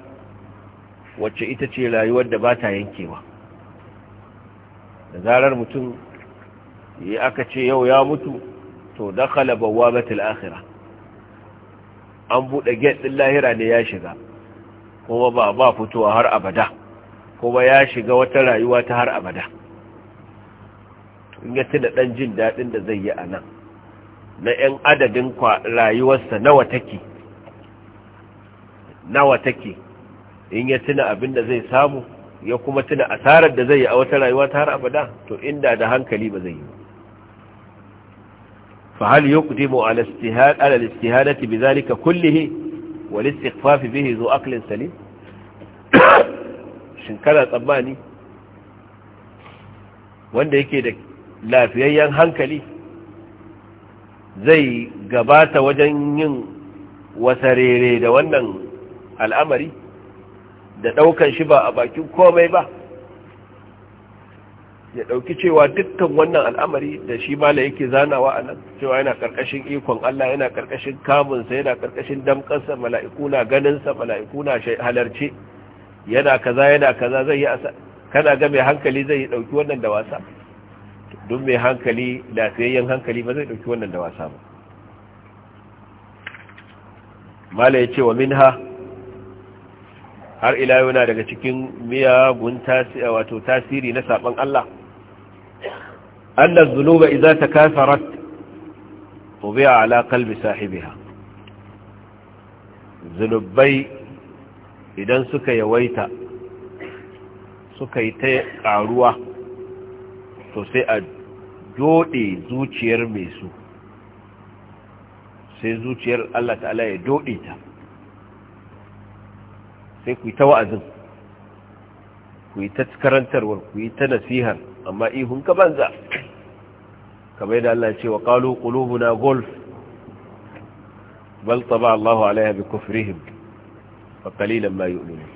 wacce ita ce rayuwar da ba ta yankewa da zarar mutum yi aka ce yau ya mutu to dakhala batul akhirah an buɗe gate ɗin lahira ne ya shiga kuma ba ba fitowa har abada kuma ya shiga wata rayuwa ta har abada in ya tuna ɗan jin daɗin da zai yi a nan na 'yan adadin rayuwarsa nawa take nawa take in ya tuna abin da zai samu ya kuma tuna asarar da zai yi a wata rayuwa ta har abada to inda da hankali ba zai yi ba mu يقدم على الاستهاد kulle he? بذلك كله والاستخفاف به ذو أقل sali? shin kana tsammani wanda yake da lafiyayyen hankali zai gabata wajen yin wasarere da wannan al'amari da ɗaukan shi ba a bakin komai ba ya ɗauki cewa dukkan wannan al'amari da shi mala yake zanawa a nan cewa yana ƙarƙashin ikon Allah yana ƙarƙashin kamunsa yana ƙarƙashin damƙansa mala'iku na ganinsa mala'iku na halarce yana kaza yana kaza zai yi asa kana ga mai hankali zai dauki wannan da wasa don mai hankali lafiyayyen hankali ba zai dauki wannan da wasa ba mala ya ce wa minha har ila yana daga cikin miyagun tasiri wato tasiri na saban Allah annaz zunuba idza takasarat tubi'a ala qalbi sahibiha zunubai idan suka yawaita suka yi ta ƙaruwa to sai a doɗe zuciyar mai su sai zuciyar Allah ta'ala ya doɗe ta sai ku yi ta wa'azin ku yi ta karantarwar ku yi ta nasihar amma ihun ka banza kamar yadda Allah ce wa ƙalu ƙulubuna golf bal taba Allahu alaiha bi kufrihim fa qalilan ma yu'minun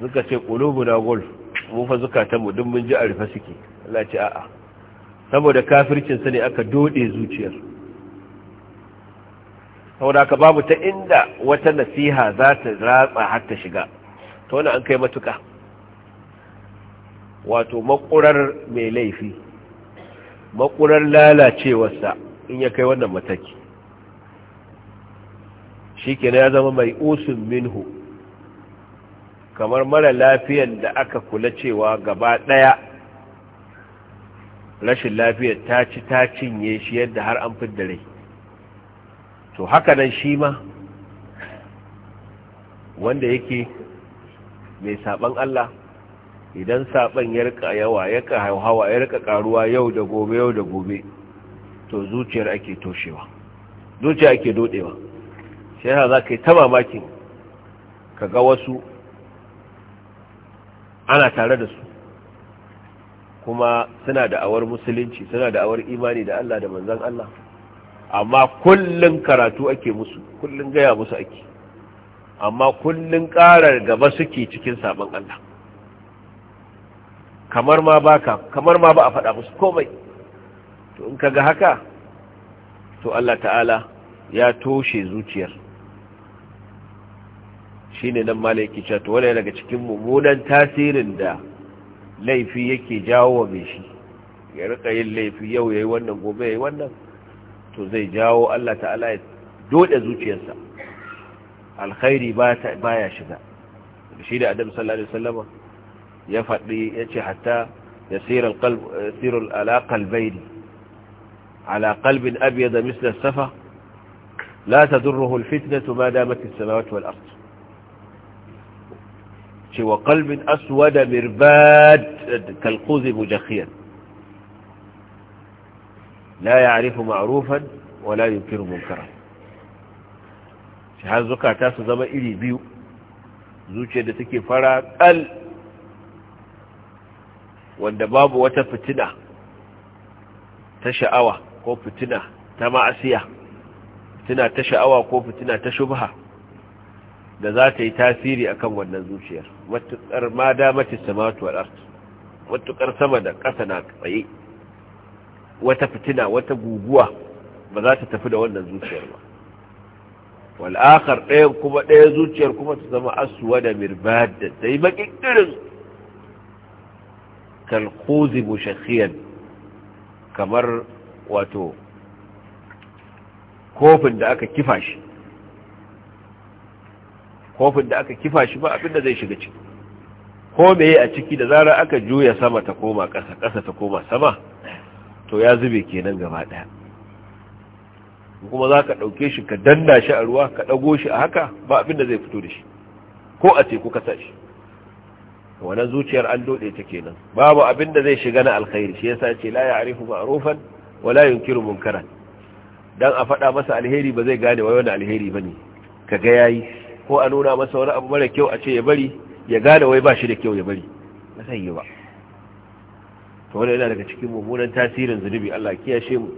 suka ce qulubuna gulf mu fa zukatanmu duk mun ji a rufe suke Allah ce a'a saboda kafircin sa ne aka dode zuciyar saboda ka babu ta inda wata nasiha za ta ratsa har ta shiga Ta wani an kai matuka wato makurar mai laifi makurar lalacewarsa in ya kai wannan mataki shikenan ya zama mai usun minhu kamar mara lafiyar da aka kula cewa gaba daya rashin lafiyar ta ci ta cinye shi yadda har an fidda rai to haka nan shi ma wanda yake mai saban Allah idan saban ya rika yawa ya ka hawa ya rika karuwa yau da gobe yau da gobe to zuciyar ake toshewa zuciya ake dodewa shi yana za ka yi ta mamakin ka ga wasu ana tare da su kuma suna da awar musulunci suna da awar imani da Allah da manzan Allah amma kullum karatu ake musu kullum gaya musu ake amma kullum ƙarar gaba suke cikin sabon Allah kamar ma ba ka, kamar ma ba a faɗa musu komai to in kaga haka to Allah ta'ala ya toshe zuciyar shine nan malai yake cewa to wala daga cikin mummunan tasirin da laifi yake jawo wa mai shi ya rika yin laifi yau yayi wannan gobe yayi wannan to zai jawo Allah ta'ala ya dode zuciyarsa alkhairi ba ta baya shiga shi da adam sallallahu alaihi wasallama ya faɗi ce hatta يسير القلب يسير على قلبين على قلب أبيض مثل السفة لا تضره الفتنة ما دامت السماوات والأرض ce wa qalbin aswada mirbad kalquz mujakhiyan la ya ma'rufan ma'arufan? Wala yunkiru munkara shi har zukata su zama iri biyu zuciyar da take fara kal wanda babu wata fitina ta sha'awa ko fitina ta ma'asiya fitina ta sha'awa ko fitina ta shubha da za ta yi tasiri a kan wannan zuciyar matuƙar ma damatis samawati wal matuƙar sama da ƙasa na tsaye wata fitina wata guguwa ba za ta tafi da wannan zuciyar ba wal'akar ɗaya ɗayan kuma ɗaya zuciyar kuma ta zama aswada mirbad da ta yi irin kal khuzi kamar wato kofin da aka kifa shi kofin da aka kifa shi ba abinda zai shiga ciki ko meye a ciki da zarar aka juya sama ta koma ƙasa ƙasa ta koma sama to ya zube kenan gaba ɗaya kuma za ka ɗauke shi ka danna shi a ruwa ka ɗago shi a haka ba abinda zai fito da shi ko a teku ka shi wannan zuciyar an dode ta kenan babu abin da zai shiga na alkhairi shi yasa ce la ya'rifu ma'rufan wa la yunkiru munkaran dan a faɗa masa alheri ba zai gane wai wannan alheri bane kaga yayi ko a nuna masa wani abu mara kyau a ce ya bari ya gane wai ba shi da kyau ya bari ba sai yi ba to wannan yana daga cikin mummunan tasirin zunubi Allah kiyashe mu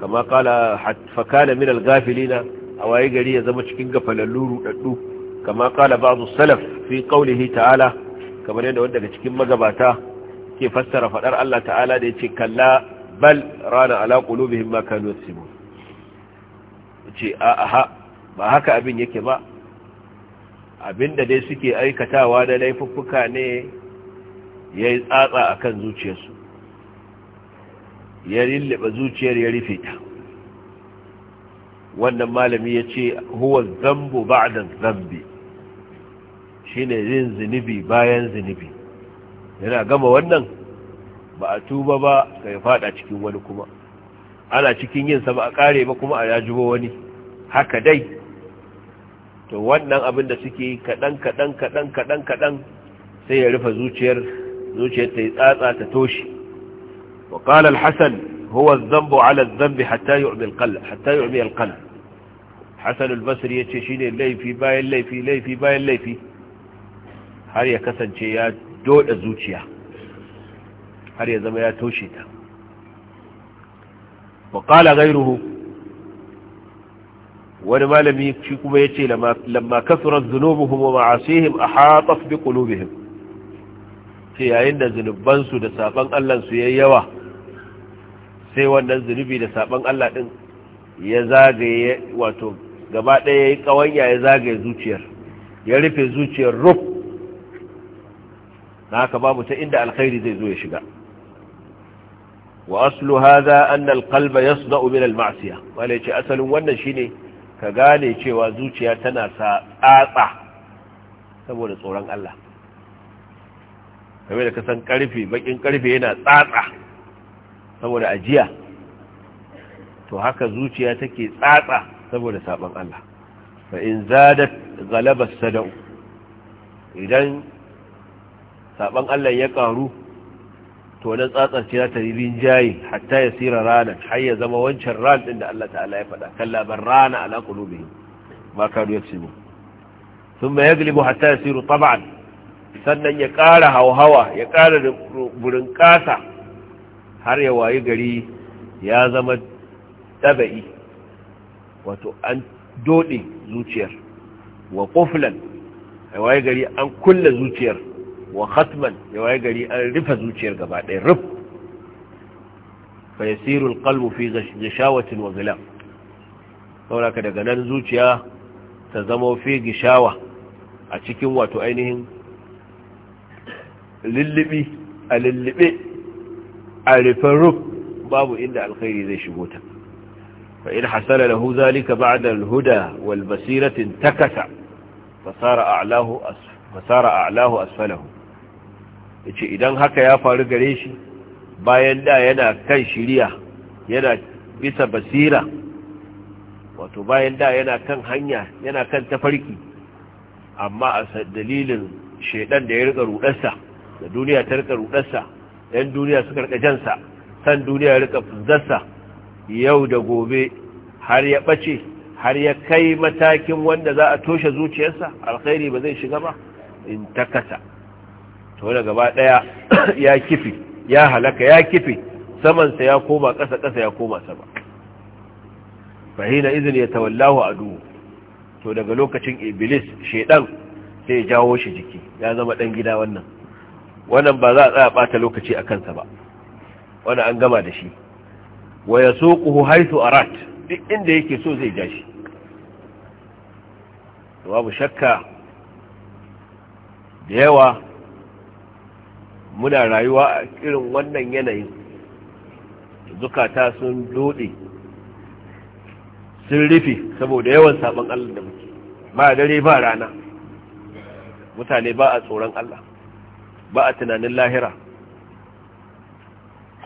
kama kala fa kana min al a waye gari ya zama cikin gafalallu rudaddu kama kala ba'du salaf fi qawlihi ta'ala kamar yadda wanda daga cikin magabata ke fassara fadar Allah ta'ala da ya ce kalla bal rana ala qulubihim ma kanu simu. yace a aha ba haka abin yake ba abinda dai suke aikatawa da laifuffuka ne ya yi tsatsa a kan zuciyarsu ya rilliba zuciyar ya rufe ta wannan malami ya ce huwa zambo ba'dan zambi ne yin zunubi bayan zunubi yana gama wannan ba a tuba ba ka yi fada cikin wani kuma ana cikin yin sama a kare ba kuma a yajubo wani haka dai to wannan abin da suke kaɗan kaɗan kaɗan kaɗan kaɗan sai ya rufe zuciyar zuciyar ta yi tsatsa ta toshi wa qala al huwa zambo dhanbu 'ala adh-dhanbi hatta yi al-qalb hatta yu'mi ya ce shi ne laifi bayan laifi laifi bayan laifi har ya kasance ya doda zuciya har ya zama ya toshe ta wa qala ghayruhu wani malami shi kuma ya ce lamma kasurar zunubuhum wa ma'asihim a haɗa bi qulubihim ce yayin da zunubansu da saban allansu ya yi yawa sai wannan zunubi da saban Allah ɗin ya zagaye wato gaba ɗaya yi ƙawanya ya zagaye zuciyar ya rufe zuciyar ruf haka babu ta inda alkhairi zai zo ya shiga wa aslu hadha anna alqalba yasda'u min almasiyah wala ce asalin wannan shine ka gane cewa zuciya tana sa tsatsa saboda tsoron Allah kamar da ka san bakin karfe yana tsatsa saboda ajiya to haka zuciya take tsatsa saboda sabon Allah fa in zadat ghalaba sadau idan sabon Allah ya karu to wannan tsatsar ce ta ribin jayi hatta ya sira ranar har ya zama wancan ran ɗin da Allah ta'ala ya faɗa kan labar rana ala qulubihim ma kanu yaksibu thumma yaglibu hatta yasiru tab'an sannan ya ƙara hauhawa ya ƙara burin ƙasa har ya wayi gari ya zama taba'i wato an dode zuciyar wa quflan ya wayi gari an kulle zuciyar wa khatman ya waye gari an rufe zuciyar gaba ɗaya ruf fa yasiru alqalbu fi gishawatin wa ghilaf saboda daga nan zuciya ta zama fi gishawa a cikin wato ainihin lullubi a lullube a ruf babu inda alkhairi zai shigo ta فإن حصل له ذلك بعد الهدى والبصيرة انتكس فصار fasara a فصار أعلاه أسفله yace idan haka ya faru gare shi bayan da yana kan shiriya yana bisa basira wato bayan da yana kan hanya yana kan tafarki amma a dalilin shaidan da ya rika rudarsa da duniya ta rika rudarsa yan duniya suka rika jansa san duniya ya rika fuzarsa yau da gobe har ya bace har ya kai matakin wanda za a toshe zuciyarsa alkhairi ba zai shiga ba in takasa wanda gaba ɗaya ya kifi ya halaka ya kifi samansa ya koma ƙasa ƙasa ya koma sama fahina izini ya tawallahu duhu to daga lokacin iblis shaidan sai ya jawo shi jiki ya zama ɗan gida wannan wannan ba za a tsaya ɓata lokaci a kansa ba Wani an gama da shi wa haisu a rat? duk inda yake so zai ja shi babu shakka da yawa muna rayuwa a irin wannan yanayin zukata sun dode sun rufe saboda yawan sabon Allah da muke ba dare ba rana mutane ba a tsoron Allah ba a tunanin lahira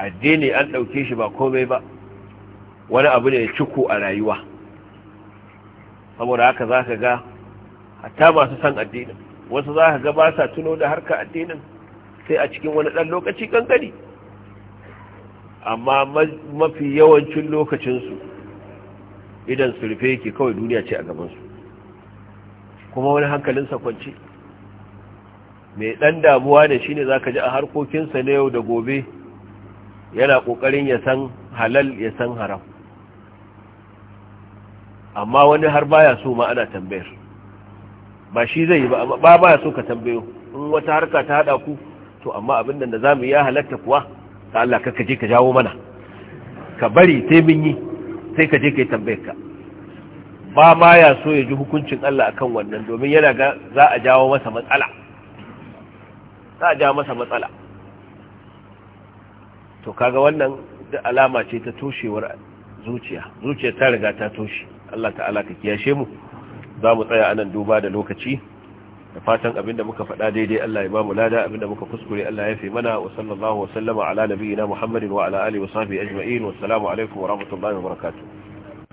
addini an ɗauke shi ba komai ba wani abu ne ciko a rayuwa saboda haka za ka ga hatta masu san addinin wasu za ka ga ba sa tuno da harka addinin sai a cikin wani ɗan lokaci kankani amma mafi yawancin lokacinsu idan su yake kawai duniya ce a gabansu kuma wani hankalinsa kwanci mai ɗan damuwa da shi ne za ka ji a harkokinsa na yau da gobe yana ƙoƙarin ya san halal ya san haram amma wani har baya so ma ana tambayar ba shi zai yi ba ba baya so ka tambayo in wata harka ta haɗa ku to amma abin da za mu yi ya halatta kuwa ta Allah ka kaje ka jawo mana ka bari sai mun yi sai ka je ka yi tambayar ka ba ma ya so ya ji hukuncin Allah akan wannan domin yana ga za a jawo masa matsala za a jawo masa matsala to kaga wannan da alama ce ta toshewar zuciya zuciya ta riga ta toshe Allah ta'ala ka kiyashe mu za mu tsaya anan duba da lokaci da fatan abinda muka faɗa daidai Allah ya bamu lada abinda muka kuskure Allah ya fi mana wa sallallahu wa sallama ala nabiyyina Muhammadin wa ala alihi wa sahbihi ajma'in wa assalamu alaikum wa rahmatullahi wa barakatuh